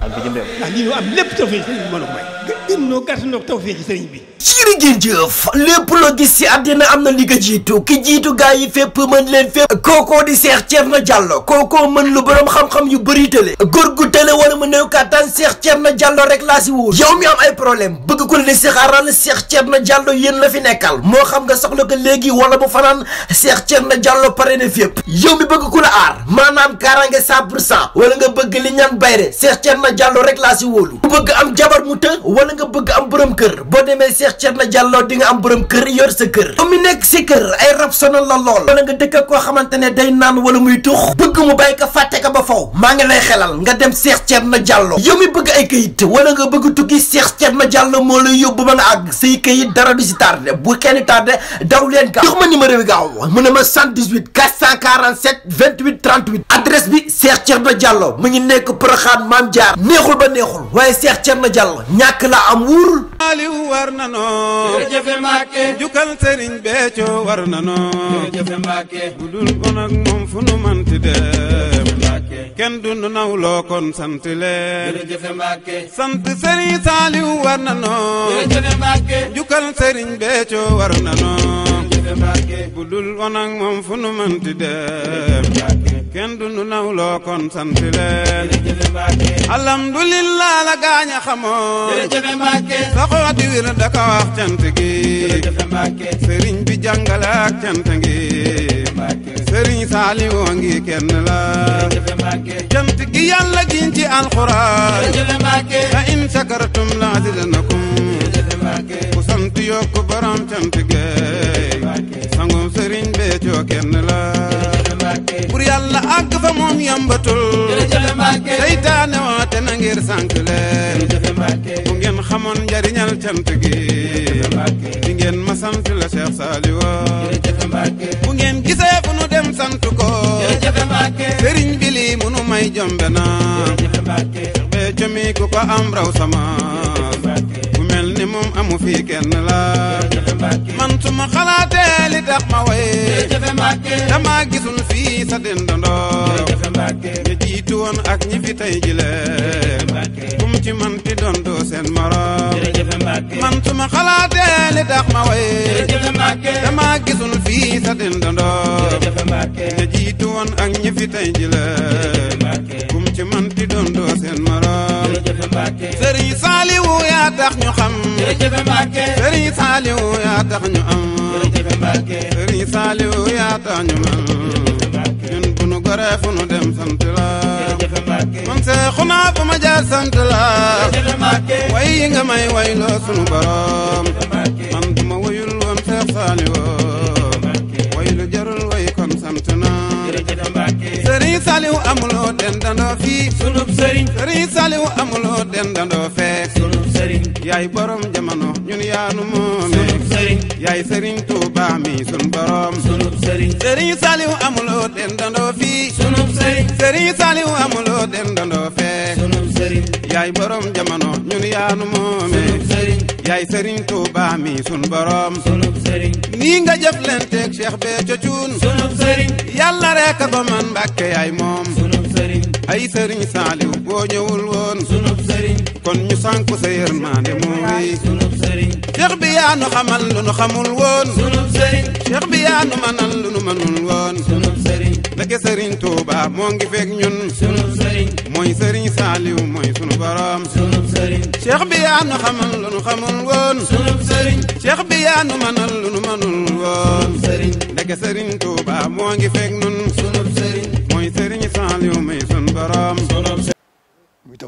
ak bitim lépp tawfeex sëriñ bi mën a may. bi. jërë ngeen lépp loo gis ci àddina am na li ko jiitu ki jiitu gaa yi fépp mën leen fépp kookoo di seex Thierno Diallo kookoo mën lu borom xam-xam yu bëri tële góor gu tële wala mu néew kàttan seex na Diallo rek laa si wóor yow mi am ay problème bëgg ku la di seexaaral seex na jàllo yéen la fi nekkal moo xam nga soxla ko léegi wala bu fanaan seex na jàllo pare na fépp yow mi bëgg ku la aar maanaam kaaraange 100 pour cent wala nga bëgg li ñaan bayre seex Thierno Thierno Diallo rek laa si wóolu ku bëgg am jabar mu të wala nga bëgg am borom kër boo demee Cheikh Thierno Diallo di nga am borom kër yor sa kër mu nekk si kër ay rab sonal la lool wala nga dëkk koo xamante ne day naan wala muy tux bëgg mu bàyyi ko fàtte ko ba faw maa ngi lay xelal nga dem seex Cheikh Thierno Diallo yow mi bëgg ay kayit wala nga bëgg tukki Cheikh Thierno Diallo moo lay yóbbu ba nga àgg say kayit dara du si tardé bu kenn tardé daw leen gaaw ma numéro bi gaaw mu ne ma 118 447 28 38 adresse bi Cheikh Thierno Diallo mu ngi nekk Proxaan Maam Jaar neexul ba neexul waaye Cheikh Thierno Diallo ñàkk la am wóorul. Aliou war na noo. jërëjëf Mbacke. jukkal war na noo. bu dul kon ak moom fu nu mënti dem. kenn du nu nawloo kon sant leen. jërëjëf Mbacke. sant Serigne Saliou war na noo. bu dul woon ak moom fu nu mënti dem kenn du nu nawloo kon sant leen alhamdulillah la gaañ a xamoon soxla di wir da ko wax cant gi sëriñ bi jàngale ak gi sëriñ saali ngi kenn la cant gi yàlla giñ alxuraan la in sakartum la azidanakum ku sant yokk borom cant gi ngir sànq leen bu ngeen xamoon njariñal cant gi di ngeen ma sant la Cheikh Saliou bu ngeen gisee fu nu dem sant ko sëriñ bi lii munu may jombe na bee comi ku ko am raw sama bu mel ni moom amu fii kenn la man suma xalaatee li tax ma way dama gisul ca dendandoor ña jiitu woon ak ñi fi tey jile kum ci man ti doon doo seen morom man suma xalaatee li tax ma way dama gisul fii ca dendandoor ña jiitu woon ak ñi fi tey jile kum ci man ti doon doo seen morom sëriñ Saaliwu yaa tax ñu xam sëriñ Saaliwu yaa tax ñu am sëriñ Saaliwu yaa tax ñu am goree fu nu dem sant la man seexuna fu ma jaar sant nga may way sunu borom man bu wayul woon seex saali woon jarul way kon sëriñ Saliw amuloo dendandoo fii sunub sëriñ sëriñ Saliw amuloo dendandoo fee sunub sëriñ yaay borom jamono ñun yaanu moome sëriñ yaay sëriñ Tuuba mi sun borom sunub sëriñ sëriñ Saliw amuloo dandoo fii sunub sëriñ sëriñ Saliw amuloo dandoo fee sunub sëriñ yaay borom jamono ñun yaanu moome sunub sëriñ yaay sëriñ Tuuba mi sun borom sunub sëriñ nii nga jëflanteeg Cheikh Béthio Thioune sunub sëriñ yàlla rek ko man Mbàkke moom ay sëriñ saaliw boo ñëwul woon sunub sëriñ kon ñu sànku sa yërmaande moo wéy sunub sëriñ cheikh bi yaa nu xamal lu nu xamul woon sunub sëriñ cheikh sëriñ Tuuba moo ngi ñun sunub sëriñ mooy sëriñ saaliw mooy sunu borom sunub sëriñ cheikh bi yaa nu xamal lu nu xamul woon sunub sëriñ cheikh sëriñ Tuuba moo ngi ñun